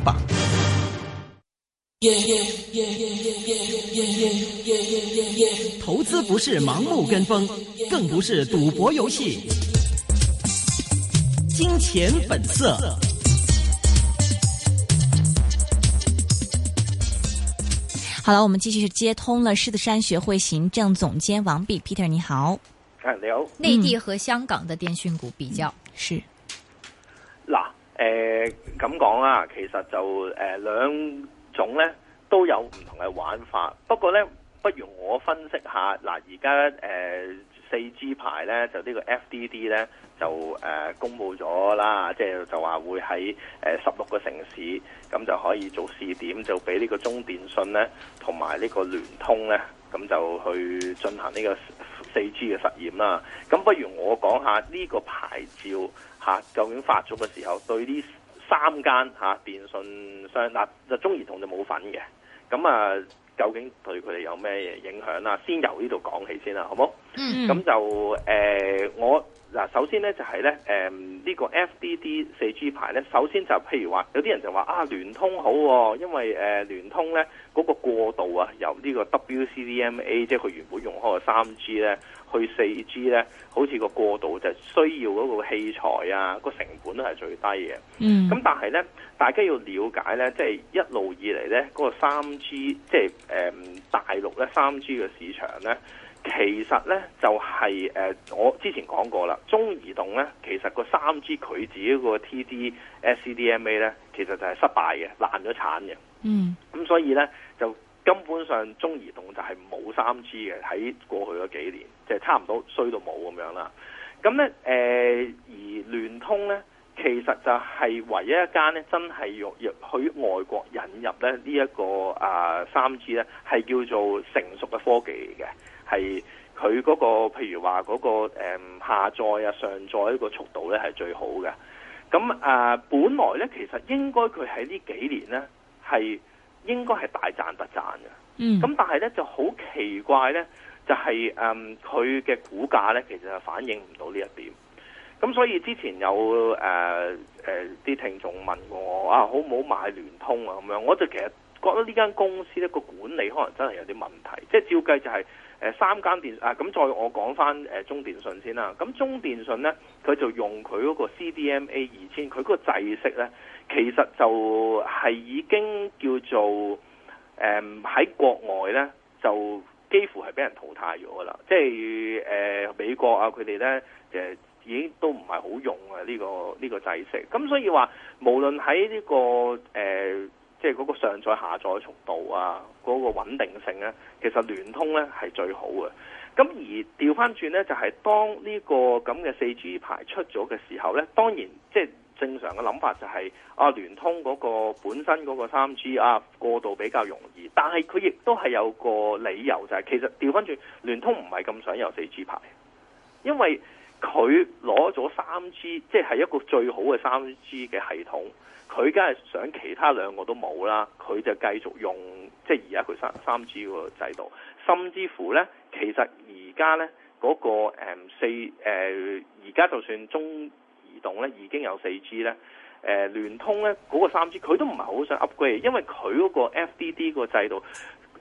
榜。投資不是盲目跟風，更不是賭博遊戲。金錢本色，色。好了，我們繼續接通了獅子山學會行政總監王弼。Peter，你好。哎，聊、嗯、內地和香港的電訊股比較、嗯、是啦誒咁講啦，其實就誒、呃、兩種咧都有唔同嘅玩法。不過咧，不如我分析下嗱，而家誒四 G 牌咧就呢個 FDD 咧就誒、呃、公佈咗啦，即係就話、是、會喺誒十六個城市咁就可以做試點，就俾呢個中電信咧同埋呢個聯通咧咁就去進行呢、這個。4G 嘅實驗啦，咁不如我講下呢個牌照嚇、啊、究竟發出嘅時候對呢三間嚇、啊、電信商嗱就、啊、中移動就冇份嘅，咁啊究竟對佢哋有咩影響啦？先由呢度講起先啦，好冇？嗯、mm -hmm.，咁就誒我。嗱，首先咧就係咧，誒呢個 FDD 四 G 牌咧，首先就，是 FDD 4G 牌首先就是譬如話，有啲人就話啊聯通好、啊，因為誒聯通咧嗰個過渡啊，由呢個 WCDMA 即係佢原本用開嘅三 G 咧，去四 G 咧，好似個過渡就需要嗰個器材啊，個成本都係最低嘅。嗯，咁但係咧，大家要了解咧，即、就、係、是、一路以嚟咧，嗰個三 G 即係誒大陸咧三 G 嘅市場咧。其實咧就係、是、誒、呃，我之前講過啦，中移動咧其實個三 G 佢自己個 TD-SCDMA 咧，其實就係失敗嘅，爛咗產嘅。嗯，咁所以咧就根本上中移動就係冇三 G 嘅喺過去嗰幾年，即、就、係、是、差唔多衰到冇咁樣啦。咁咧誒而聯通咧。其實就係唯一一間咧，真係用入佢外國引入咧呢一個啊三 G 咧，係叫做成熟嘅科技嚟嘅，係佢嗰個譬如話嗰個下載啊上載呢個速度咧係最好嘅。咁啊，本來咧其實應該佢喺呢幾年咧係應該係大賺特賺嘅。嗯，咁但係咧就好奇怪咧，就係誒佢嘅股價咧其實係反映唔到呢一點。咁所以之前有誒誒啲聽眾問我啊，好唔好買聯通啊？咁樣，我就其實覺得呢間公司呢個管理可能真係有啲問題。即係照計就係、是、誒、呃、三間電啊，咁再我講翻、呃、中電信先啦。咁中電信咧，佢就用佢嗰個 CDMA 二千，佢個制式咧，其實就係已經叫做誒喺、呃、國外咧，就幾乎係俾人淘汰咗噶啦。即係誒、呃、美國啊，佢哋咧誒。呃已經都唔係好用啊！呢、這個呢、這個制式，咁所以話無論喺呢個誒，即係嗰個上載、下載速度啊，嗰、那個穩定性咧，其實聯通咧係最好嘅。咁而調翻轉咧，就係、是、當呢、這個咁嘅、這個、四 G 牌出咗嘅時候咧，當然即係、就是、正常嘅諗法就係、是、啊聯通嗰、那個本身嗰個三 G 啊過渡比較容易，但係佢亦都係有個理由就係、是、其實調翻轉聯通唔係咁想有四 G 牌，因為佢攞咗三 G，即係一個最好嘅三 G 嘅系統。佢梗係想其他兩個都冇啦，佢就繼續用即係而家佢三三 G 個制度。甚至乎呢，其實而家呢嗰、嗰個誒、呃、四誒而家就算中移動呢已經有四 G 呢，誒、呃、聯通呢嗰、嗰個三 G 佢都唔係好想 upgrade，因為佢嗰個 FDD 個制度嗰、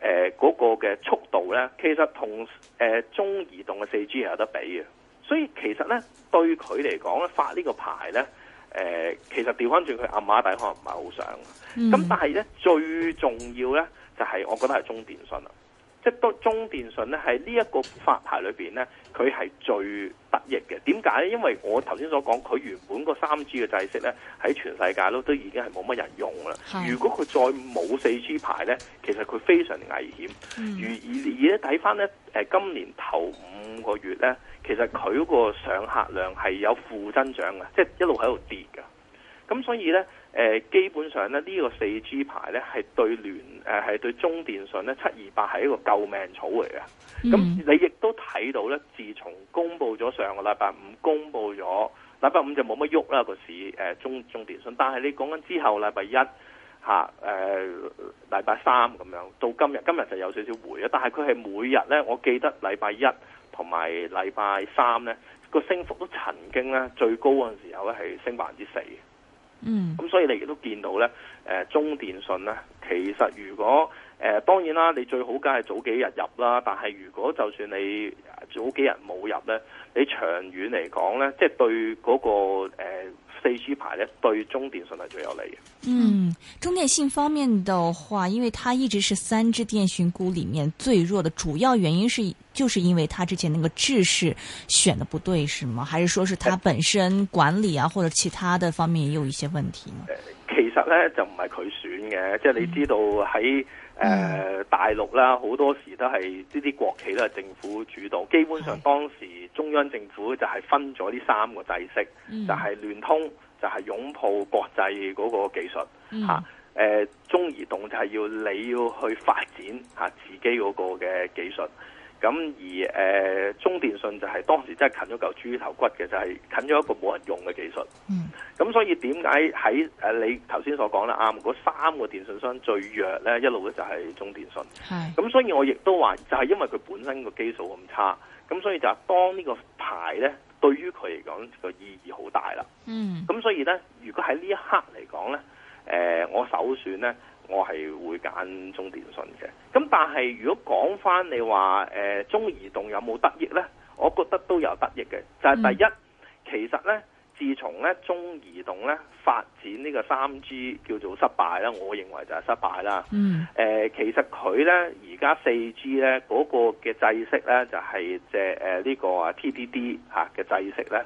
呃嗰個嘅速度呢，其實同誒、呃、中移動嘅四 G 係有得比嘅。所以其實咧，對佢嚟講咧，發呢個牌咧，誒、呃，其實調翻轉佢阿馬底可能唔係好想。咁、嗯、但係咧，最重要咧就係、是、我覺得係中電信啦，即係都中電信咧，喺呢一個發牌裏邊咧，佢係最得益嘅。點解咧？因為我頭先所講，佢原本個三 G 嘅制式咧，喺全世界都都已經係冇乜人用啦。如果佢再冇四 G 牌咧，其實佢非常危險。嗯、而而而咧睇翻咧，誒、呃、今年頭五個月咧。其實佢嗰個上客量係有負增長嘅，即係一路喺度跌嘅。咁所以呢，誒基本上咧呢個四 G 牌呢係對聯誒係對中電信咧七二八係一個救命草嚟嘅。咁你亦都睇到呢，自從公布咗上個禮拜五，公布咗禮拜五就冇乜喐啦，個市誒中中電信。但係你講緊之後禮拜一嚇誒禮拜三咁樣到今日，今日就有少少回啊。但係佢係每日呢，我記得禮拜一。同埋禮拜三呢個升幅都曾經呢最高嗰陣時候咧係升百分之四，嗯，咁所以你亦都見到呢誒、呃、中電信呢，其實如果誒、呃、當然啦，你最好梗係早幾日入啦，但係如果就算你早幾日冇入呢，你長遠嚟講呢，即、就、係、是、對嗰、那個、呃四 G 牌咧對中電信係最有利嘅。嗯，中電信方面的話，因為它一直是三支電訊股裏面最弱的，主要原因是就是因為它之前那個制式選的不對，是嗎？還是說是它本身管理啊、欸，或者其他的方面也有一些問題呢？欸、其實呢，就唔係佢選嘅，即、就、係、是、你知道喺、嗯。誒、mm -hmm. 呃、大陸啦，好多時都係呢啲國企都係，政府主導。基本上當時中央政府就係分咗呢三個制式，mm -hmm. 就係聯通，就係、是、擁抱國際嗰個技術嚇。誒、啊呃、中移動就係要你要去發展嚇、啊、自己嗰個嘅技術。咁而、呃、中電信就係當時真係啃咗嚿豬頭骨嘅，就係、是、啃咗一個冇人用嘅技術。嗯。咁所以點解喺你頭先所講啦，啱、啊、嗰三個電信商最弱咧，一路咧就係中電信。係。咁所以我亦都話，就係因為佢本身個基數咁差，咁所以就當呢個牌咧，對於佢嚟講個意義好大啦。嗯。咁所以咧，如果喺呢一刻嚟講咧、呃，我首選咧。我係會揀中電信嘅，咁但係如果講返你話誒、呃、中移動有冇得益呢？我覺得都有得益嘅，就係、是、第一、嗯，其實呢，自從呢中移動呢發展呢個三 G 叫做失敗啦，我認為就係失敗啦。嗯。誒、呃，其實佢呢，而家四 G 呢嗰、那個嘅制式呢，就係即係呢個啊 TDD 嚇嘅制式呢。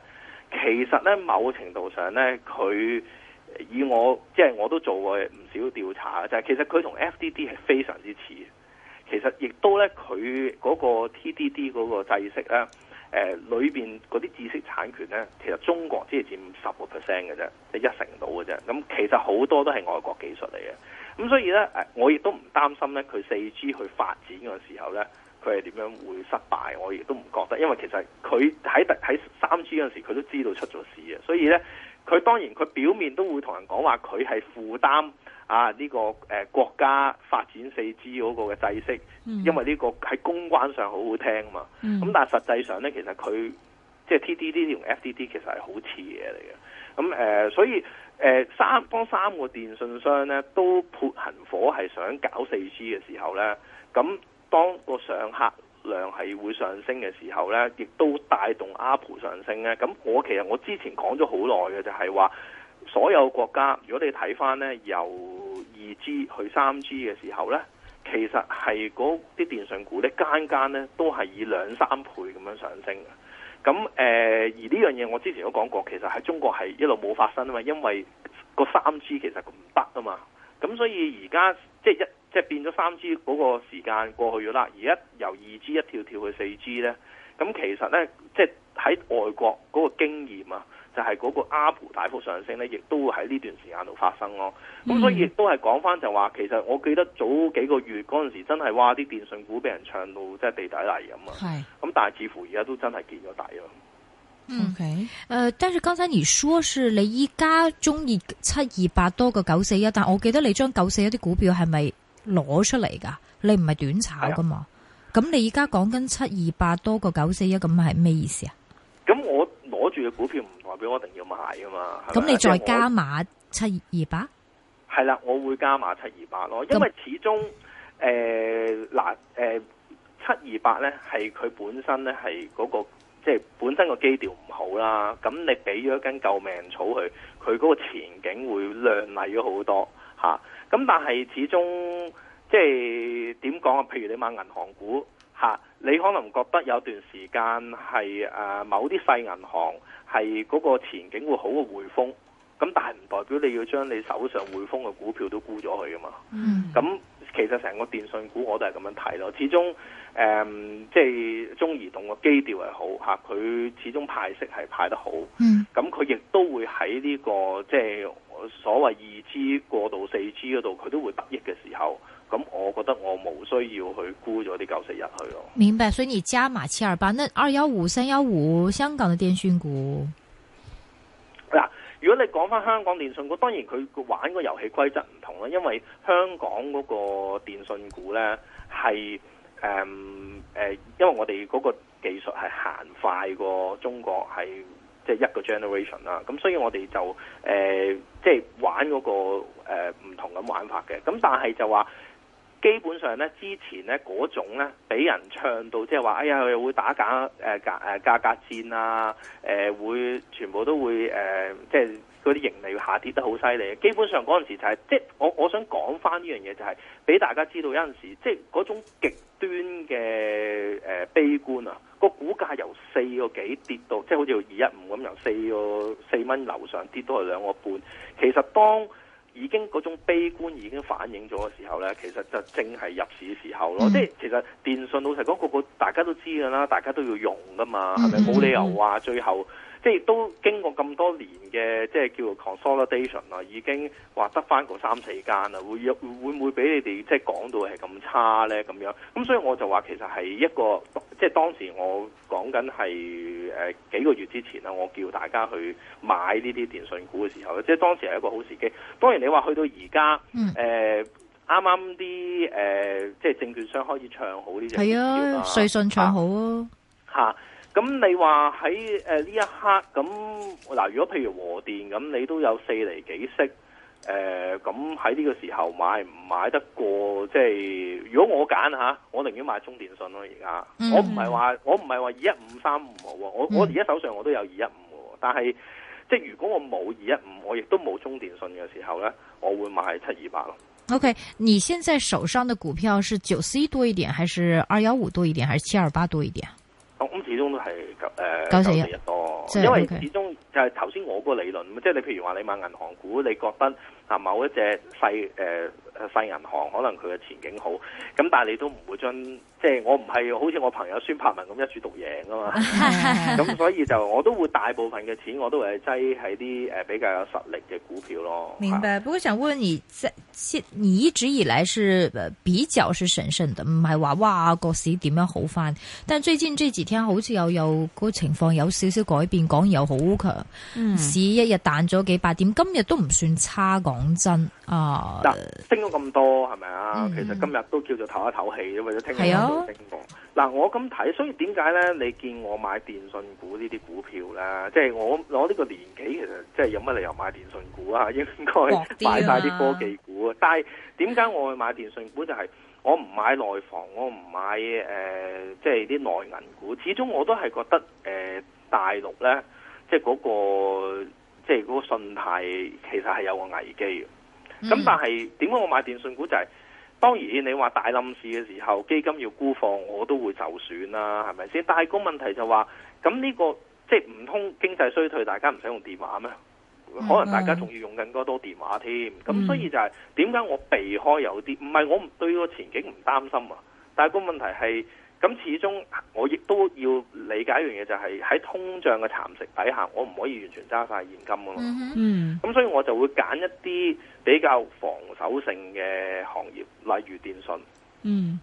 其實呢，某程度上呢，佢。以我即係我都做過唔少調查，就係其實佢同 FDD 係非常之似，其實亦都咧佢嗰個 TDD 嗰個制式咧，誒裏邊嗰啲知識產權咧，其實中國只係佔十個 percent 嘅啫，即係一成到嘅啫。咁其實好多都係外國技術嚟嘅，咁所以咧，我亦都唔擔心咧，佢四 G 去發展嗰陣時候咧，佢係點樣會失敗，我亦都唔覺得，因為其實佢喺喺三 G 嗰陣時，佢都知道出咗事嘅，所以咧。佢當然，佢表面都會同人講話，佢係負擔啊呢、呢個誒國家發展四 G 嗰個嘅制式，因為呢個喺公關上好好聽啊嘛。咁但係實際上呢，其實佢即係 TDD 同 FDD 其實係好似嘢嚟嘅。咁、嗯、誒，所以誒三當三個電訊商呢都潑行火係想搞四 G 嘅時候呢，咁當個上客量係會上升嘅時候呢，亦都帶動 Apple 上升呢，咁我其實我之前講咗好耐嘅就係話，所有國家如果你睇翻呢，由二 G 去三 G 嘅時候呢，其實係嗰啲電訊股呢，間間呢都係以兩三倍咁樣上升嘅。咁誒、呃、而呢樣嘢我之前都講過，其實喺中國係一路冇發生啊嘛，因為個三 G 其實唔得啊嘛。咁所以而家即係一。即係變咗三 G 嗰個時間過去咗啦，而家由二 G 一跳跳去四 G 呢。咁其實呢，即係喺外國嗰個經驗啊，就係、是、嗰個 ARPU 大幅上升呢，亦都會喺呢段時間度發生咯、啊。咁、嗯、所以亦都係講翻就話，其實我記得早幾個月嗰陣時真係哇啲電訊股俾人唱到即係地底泥咁啊。咁，但係似乎而家都真係見咗底咯。OK，誒，但是剛、嗯 okay. 呃、才你說是你依家中意七二八多過九四一，但我記得你將九四一啲股票係咪？攞出嚟噶，你唔係短炒噶嘛？咁你而家講緊七二八多過九四一，咁係咩意思啊？咁我攞住嘅股票唔代表我一定要買噶嘛？咁你再加碼七二八？係啦，我會加碼七二八咯，因為始終誒嗱誒七二八咧係佢本身咧係嗰個即係、就是、本身個基調唔好啦。咁你俾咗一根救命草佢，佢嗰個前景會亮麗咗好多。嚇、啊，咁但係始終即係點講啊？譬如你買銀行股嚇、啊，你可能覺得有段時間係啊、呃、某啲細銀行係嗰個前景會好嘅匯豐，咁但係唔代表你要將你手上匯豐嘅股票都沽咗佢㗎嘛。嗯、mm. 啊，咁。其實成個電訊股我都係咁樣睇咯，始終誒、嗯、即係中移動個基調係好嚇，佢始終派息係派得好。嗯，咁佢亦都會喺呢、這個即係所謂二 G 過到四 G 嗰度那裡，佢都會得益嘅時候，咁我覺得我冇需要去沽咗啲九四一入去咯。明白，所以你加碼七二八，那二幺五、三幺五香港嘅電訊股。如果你講翻香港電信股，當然佢玩個遊戲規則唔同啦，因為香港嗰個電信股咧，係誒誒，因為我哋嗰個技術係行快過中國係即係一個 generation 啦，咁所以我哋就誒即係玩嗰個誒唔同咁玩法嘅，咁但係就話。基本上咧，之前咧嗰種咧，俾人唱到即係話，哎呀，佢會打價，誒、呃、價價格戰啊，誒、呃、會全部都會誒，即係嗰啲盈利下跌得好犀利。基本上嗰陣時就係、是，即係我我想講翻呢樣嘢，就係俾大家知道有陣時，即係嗰種極端嘅誒、呃、悲觀啊，個股價由四個幾跌到，即係好似二一五咁，由四個四蚊樓上跌到係兩個半，其實當。已經嗰種悲觀已經反映咗嘅時候咧，其實就正係入市嘅時候咯。即、嗯、係其實電信老實講，個個大家都知噶啦，大家都要用噶嘛，係、嗯、咪？冇理由話最後。即係都經過咁多年嘅即係叫做 consolidation 啦，已經話得翻嗰三四間啦，會有會唔會俾你哋即係講到係咁差咧？咁樣，咁所以我就話其實係一個即係當時我講緊係誒幾個月之前啦，我叫大家去買呢啲電訊股嘅時候即係當時係一個好時機。當然你話去到而家，嗯，啱啱啲誒即係證券商開始唱好呢隻，係啊瑞信唱好啊嚇。啊。咁你話喺誒呢一刻，咁嗱，如果譬如和電咁，你都有四厘幾息誒，咁喺呢個時候買唔買得過？即係如果我揀吓，我寧願買中電訊咯。而家我唔係話我唔係話二一五三五冇，我我而家手上我都有二一五，但係即係如果我冇二一五，我亦都冇中電訊嘅時候咧，我會買七二八咯。OK，你現在手上的股票是九四一多一點，還是二幺五多一點，還是七二八多一點？我咁始終都係九誒九四一多，因為始終就係頭先我個理論，即係你譬如話你買銀行股，你覺得啊某一隻細誒，呃細銀行可能佢嘅前景好，咁但係你都唔會將，即係我唔係好似我朋友孫柏文咁一注獨贏啊嘛，咁 所以就我都會大部分嘅錢我都係擠喺啲誒比較有實力嘅股票咯。明白，啊，不過想問你，即係你一直以來是比較是謹慎，唔係話哇個市點樣好翻？但最近這幾天好似又有嗰情況有少少改變，講又好強，市一日彈咗幾百點，今日都唔算差，講真啊。呃咁多係咪啊？其實今日都叫做唞一唞氣，或者聽下都聽過。嗱、哦，我咁睇，所以點解咧？你見我買電信股呢啲股票咧？即係我攞呢個年紀，其實即係有乜理由買電信股啊？應該買晒啲科技股。但係點解我去買電信股？就係我唔買內房，我唔買誒，即係啲內銀股。始終我都係覺得誒、呃、大陸咧，即係嗰個即係嗰個信貸其實係有個危機。咁、嗯、但係點解我買電訊股就係、是，當然你話大冧市嘅時候基金要沽貨，我都會受損啦，係咪先？但係個問題就話，咁呢、這個即係唔通經濟衰退，大家唔使用，用電話咩？可能大家仲要用緊咁多電話添，咁、嗯啊、所以就係點解我避開有啲，唔係我對個前景唔擔心啊，但係個問題係。咁始終我亦都要理解一樣嘢，就係、是、喺通脹嘅蠶食底下，我唔可以完全揸曬現金噶嘛。嗯，咁所以我就會揀一啲比較防守性嘅行業，例如電訊。嗯，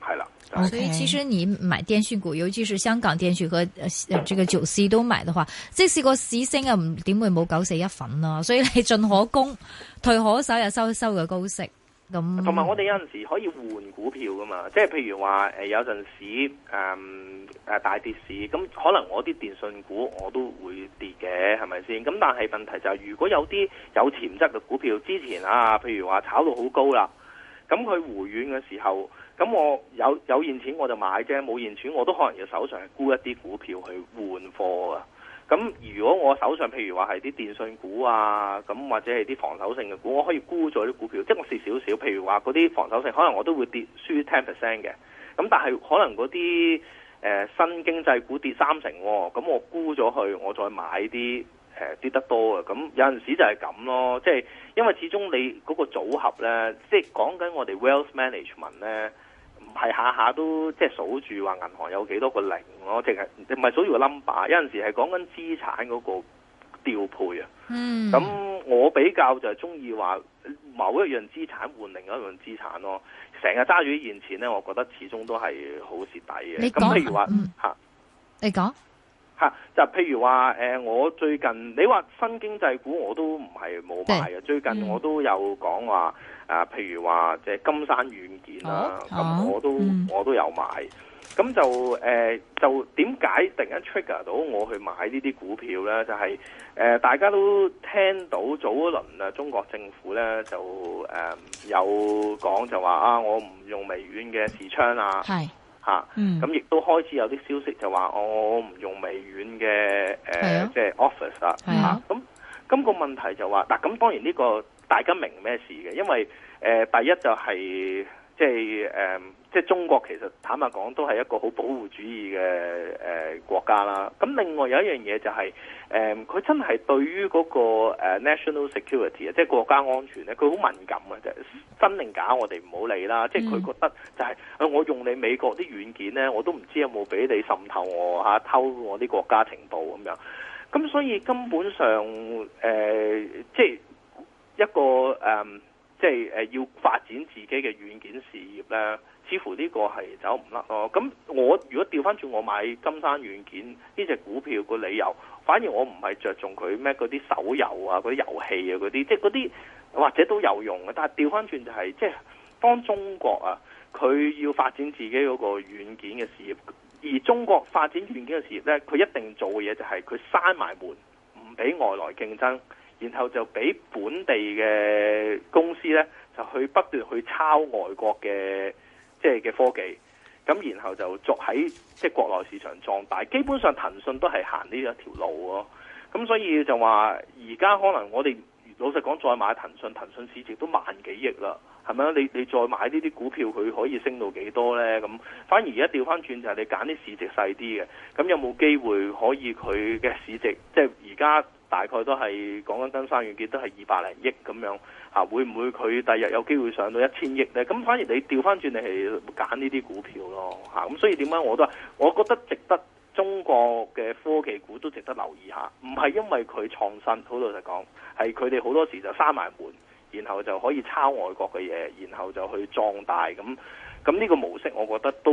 係啦、okay。所以其實你買電訊股，尤其是香港電訊嘅，誒，這個九四都買嘅話，即使個市升啊，唔點會冇九四一份咯。所以你進可攻，退可守，又收收個高息。同埋我哋有陣時可以換股票噶嘛，即係譬如話有陣時誒、嗯、大跌市，咁可能我啲電訊股我都會跌嘅，係咪先？咁但係問題就係、是、如果有啲有潛質嘅股票，之前啊，譬如話炒到好高啦，咁佢回軟嘅時候，咁我有有現錢我就買啫，冇現錢我都可能要手上沽一啲股票去換貨啊。咁如果我手上譬如話係啲電訊股啊，咁或者係啲防守性嘅股，我可以沽咗啲股票，即我蝕少少。譬如話嗰啲防守性，可能我都會跌輸 ten percent 嘅。咁但係可能嗰啲誒新經濟股跌三成啊，咁我沽咗去，我再買啲誒、呃、跌得多嘅。咁有陣時就係咁咯，即係因為始終你嗰個組合咧，即係講緊我哋 wealth management 咧。唔係下下都即係數住話銀行有幾多個零咯，淨係唔係數住個 number，有陣時係講緊資產嗰個調配啊。咁、嗯、我比較就係中意話某一樣資產換另一樣資產咯。成日揸住啲現錢咧，我覺得始終都係好蝕底嘅。咁譬如話吓、嗯，你講吓，就譬如話誒，我最近你話新經濟股我都唔係冇買啊，最近我都有講話。啊，譬如話即金山軟件咁、啊 oh? oh? 我都、mm. 我都有買，咁就誒、呃、就點解突然 trigger 到我去買呢啲股票呢？就係、是、誒、呃、大家都聽到早嗰輪啊，中國政府呢，就誒、呃、有講就話啊，我唔用微軟嘅視窗啊，係嚇，咁亦都開始有啲消息就話我唔用微軟嘅誒即係 Office 啦嚇，咁，咁個問題就話嗱，咁、啊、當然呢、呢個。大家明咩事嘅？因為誒、呃，第一就係即係誒，即、就、係、是呃就是、中國其實坦白講都係一個好保護主義嘅誒、呃、國家啦。咁另外有一樣嘢就係、是、誒，佢、呃、真係對於嗰、那個、呃、national security 啊，即係國家安全咧，佢好敏感嘅啫。真定假我哋唔好理啦。即係佢覺得就係、是呃、我用你美國啲軟件咧，我都唔知有冇俾你滲透我吓、啊、偷我啲國家情報咁樣。咁所以根本上誒即係。呃就是一個誒、嗯，即係誒，要發展自己嘅軟件事業咧，似乎呢個係走唔甩咯。咁我如果調翻轉，我買金山軟件呢隻、這個、股票個理由，反而我唔係着重佢咩嗰啲手遊啊、嗰啲遊戲啊嗰啲，即係嗰啲或者都有用嘅。但係調翻轉就係、是，即係當中國啊，佢要發展自己嗰個軟件嘅事業，而中國發展軟件嘅事業咧，佢一定做嘅嘢就係佢閂埋門，唔俾外來競爭。然後就俾本地嘅公司呢，就去不斷去抄外國嘅即係嘅科技，咁然後就作喺即係國內市場壯大。基本上騰訊都係行呢一條路咯、哦。咁所以就話而家可能我哋老實講，再買騰訊，騰訊市值都萬幾億啦，係咪？你你再買呢啲股票，佢可以升到幾多呢？咁反而而家調翻轉就係你揀啲市值細啲嘅，咁有冇機會可以佢嘅市值即係而家？就是大概都係講緊金山軟件都係二百零億咁樣嚇，啊，會唔會佢第日有機會上到一千億呢？咁反而你調翻轉，你係揀呢啲股票咯嚇。咁，啊、所以點解我都係，我覺得值得中國嘅科技股都值得留意下。唔係因為佢創新，好老實講，係佢哋好多時就閂埋門，然後就可以抄外國嘅嘢，然後就去壯大咁。咁呢個模式，我覺得都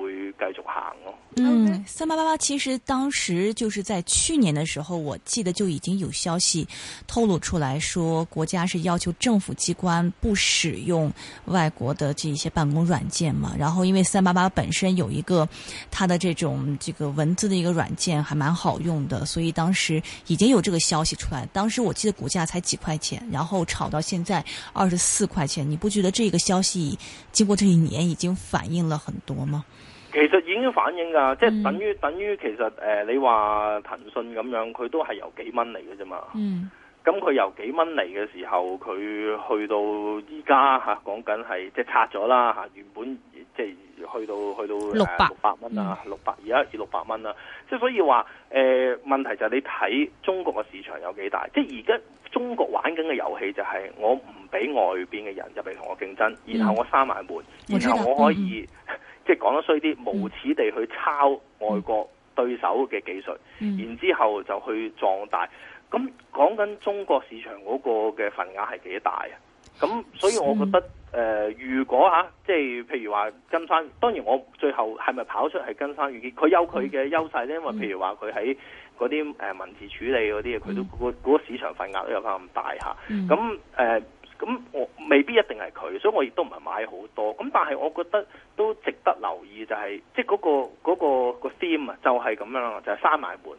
會繼續行咯。嗯，三八八八其實當時就是在去年的時候，我記得就已經有消息透露出來說，國家是要求政府機關不使用外國的這些辦公軟件嘛。然後因為三八八八本身有一個它的這種這個文字的一個軟件，還蠻好用的，所以當時已經有這個消息出來。當時我記得股價才幾塊錢，然後炒到現在二十四塊錢，你不覺得這個消息經過這一年已經反映了很多嗎？其實已經反映噶，即係等於等於，等於其實誒、呃，你話騰訊咁樣，佢都係由幾蚊嚟嘅啫嘛。嗯，咁佢由幾蚊嚟嘅時候，佢去到而家吓，講緊係即係拆咗啦吓，原本即係去到去到六百六百蚊啊，六百而家係六百蚊啦。即、嗯、係所以話誒、呃，問題就係你睇中國嘅市場有幾大，即係而家。中國玩緊嘅遊戲就係我唔俾外邊嘅人入嚟同我競爭，嗯、然後我閂埋門，然後我可以、嗯、即係講得衰啲無恥地去抄外國對手嘅技術、嗯，然之後就去壯大。咁講緊中國市場嗰個嘅份額係幾大啊？咁所以我覺得、嗯呃、如果嚇、啊、即係譬如話金山，當然我最後係咪跑出係金山軟件，佢有佢嘅優勢咧，因為譬如話佢喺。嗰啲誒文字處理嗰啲嘢，佢都嗰嗰個市場份額都有翻咁大吓。咁、嗯、誒，咁、呃、我未必一定係佢，所以我亦都唔係買好多。咁但係我覺得都值得留意、就係，就係即係嗰個嗰、嗰個、嗰個嗰個 theme 啊，就係咁樣咯，就係閂埋門。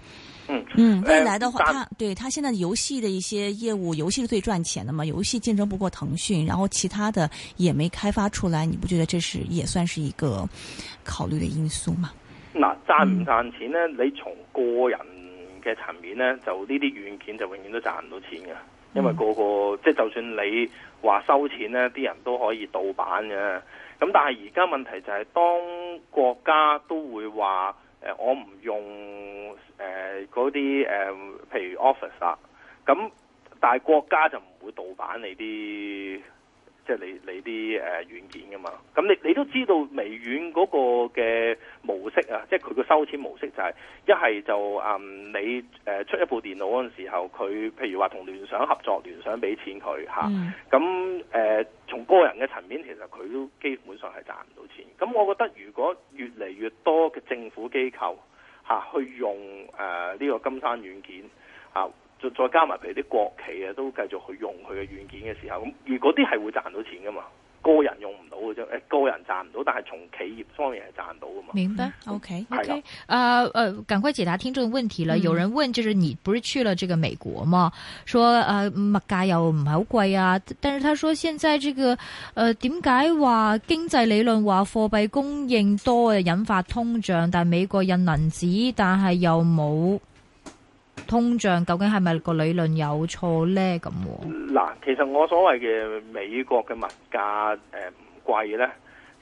嗯，未來的話，他對他現在遊戲的一些業務，遊戲是最賺錢的嘛？遊戲競爭不過騰訊，然後其他的也沒開發出來，你不覺得這是也算是一個考慮的因素嗎？嗱、呃，賺唔賺錢呢、嗯、你從個人嘅層面呢，就呢啲軟件就永遠都賺唔到錢嘅，因為個個、嗯、即係就算你話收錢呢，啲人都可以盜版嘅。咁但係而家問題就係當國家都會話。誒、呃，我唔用誒嗰啲誒，譬如 office 啦，咁、啊、但係國家就唔會盜版你啲。即、就、係、是、你你啲誒軟件噶嘛，咁你你都知道微軟嗰個嘅模式啊，即係佢個收錢模式就係一係就誒、嗯、你誒出一部電腦嗰陣時候，佢譬如話同聯想合作，聯想俾錢佢吓，咁誒從個人嘅層面其實佢都基本上係賺唔到錢。咁我覺得如果越嚟越多嘅政府機構、啊、去用誒呢、啊這個金山軟件啊。再再加埋，譬如啲國企啊，都繼續去用佢嘅軟件嘅時候，咁而嗰啲係會賺到錢噶嘛？個人用唔到嘅啫，誒個人賺唔到，但係從企業方面係賺到噶嘛？明白？OK，OK，啊，誒、嗯，趕、okay, okay. uh, uh, 快解答聽眾嘅問題啦、嗯！有人問，就是你不是去了這個美國嘛？說誒、uh, 物價又唔係好貴啊，但是佢說現在這個誒點解話經濟理論話貨幣供應多、啊、引發通脹，但係美國印銀紙，但係又冇。通脹究竟係咪個理論有錯呢？咁嗱，其實我所謂嘅美國嘅物價唔貴呢，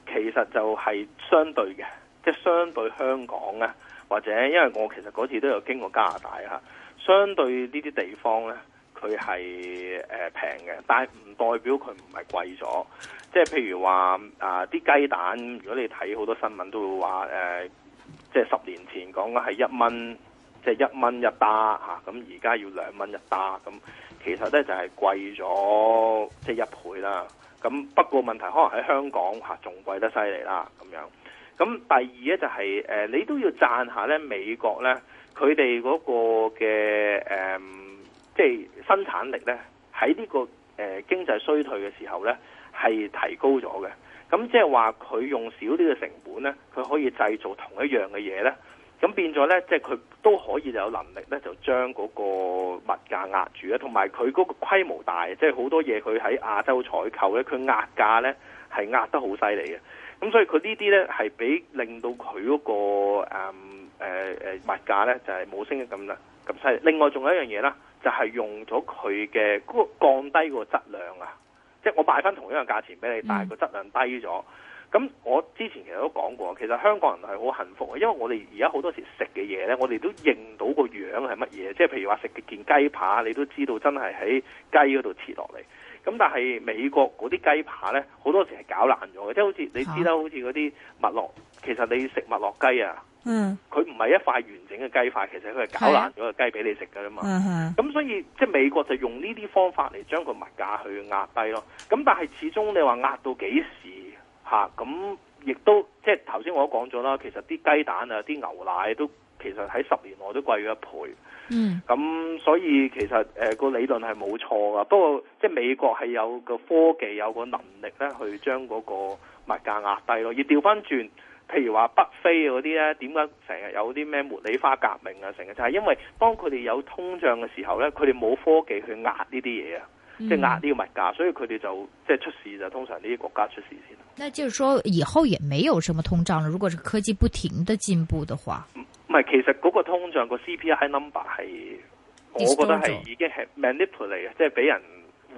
其實就係相對嘅，即係相對香港咧，或者因為我其實嗰次都有經過加拿大嚇，相對呢啲地方呢，佢係誒平嘅，但係唔代表佢唔係貴咗。即係譬如話啊，啲、呃、雞蛋，如果你睇好多新聞都會話誒、呃，即係十年前講緊係一蚊。即係一蚊一打吓，咁而家要兩蚊一打咁，其實咧就係貴咗即係一倍啦。咁不過問題可能喺香港吓仲貴得犀利啦咁樣。咁第二咧就係誒，你都要讚下咧美國咧，佢哋嗰個嘅誒即係生產力咧喺呢個誒經濟衰退嘅時候咧係提高咗嘅。咁即係話佢用少啲嘅成本咧，佢可以製造同一樣嘅嘢咧。咁變咗咧，即係佢都可以有能力咧，就將嗰個物價壓住，同埋佢嗰個規模大，即係好多嘢佢喺亞洲採購咧，佢壓價咧係壓得好犀利嘅。咁所以佢呢啲咧係俾令到佢嗰、那個誒誒、嗯呃、物價咧就係、是、冇升得咁啦咁犀利。另外仲有一樣嘢啦，就係、是、用咗佢嘅嗰降低個質量啊！即係我擺翻同一樣價錢俾你，但係個質量低咗。咁我之前其實都講過，其實香港人係好幸福，因為我哋而家好多時食嘅嘢咧，我哋都認到個樣係乜嘢，即係譬如話食件雞扒，你都知道真係喺雞嗰度切落嚟。咁但係美國嗰啲雞扒咧，好多時係搞爛咗嘅，即係好似你知道，好似嗰啲麥樂、啊，其實你食麥樂雞啊，嗯，佢唔係一塊完整嘅雞塊，其實佢係搞爛咗個雞俾你食噶啫嘛。咁、嗯嗯嗯、所以即係美國就用呢啲方法嚟將個物價去壓低咯。咁但係始終你話壓到幾時？咁、啊、亦、嗯、都即係頭先我都講咗啦，其實啲雞蛋啊、啲牛奶都其實喺十年內都貴咗一倍。嗯，咁、嗯、所以其實、呃嗰個理論係冇錯噶，不過即係美國係有個科技有個能力咧去將嗰個物價壓低咯。而調翻轉，譬如話北非嗰啲咧，點解成日有啲咩茉莉花革命啊？成日就係、是、因為當佢哋有通脹嘅時候咧，佢哋冇科技去壓呢啲嘢啊。即係壓呢個物價，所以佢哋就即係出事就通常呢啲國家出事先。那就是說以後也沒有什麼通脹如果是科技不停的進步的話。唔係，其實嗰個通脹個 CPI number 係，我覺得係已經係 manipulate 即係俾人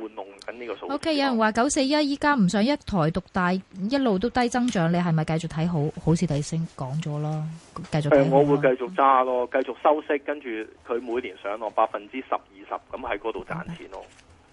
玩弄緊呢個數。OK，有人話九四一依家唔想一台獨大，一路都低增長，你係咪繼續睇好？好似李升講咗囉。繼續睇。係我會繼續揸咯，繼、嗯、續收息，跟住佢每年上落百分之十二十咁喺嗰度賺錢咯。Okay.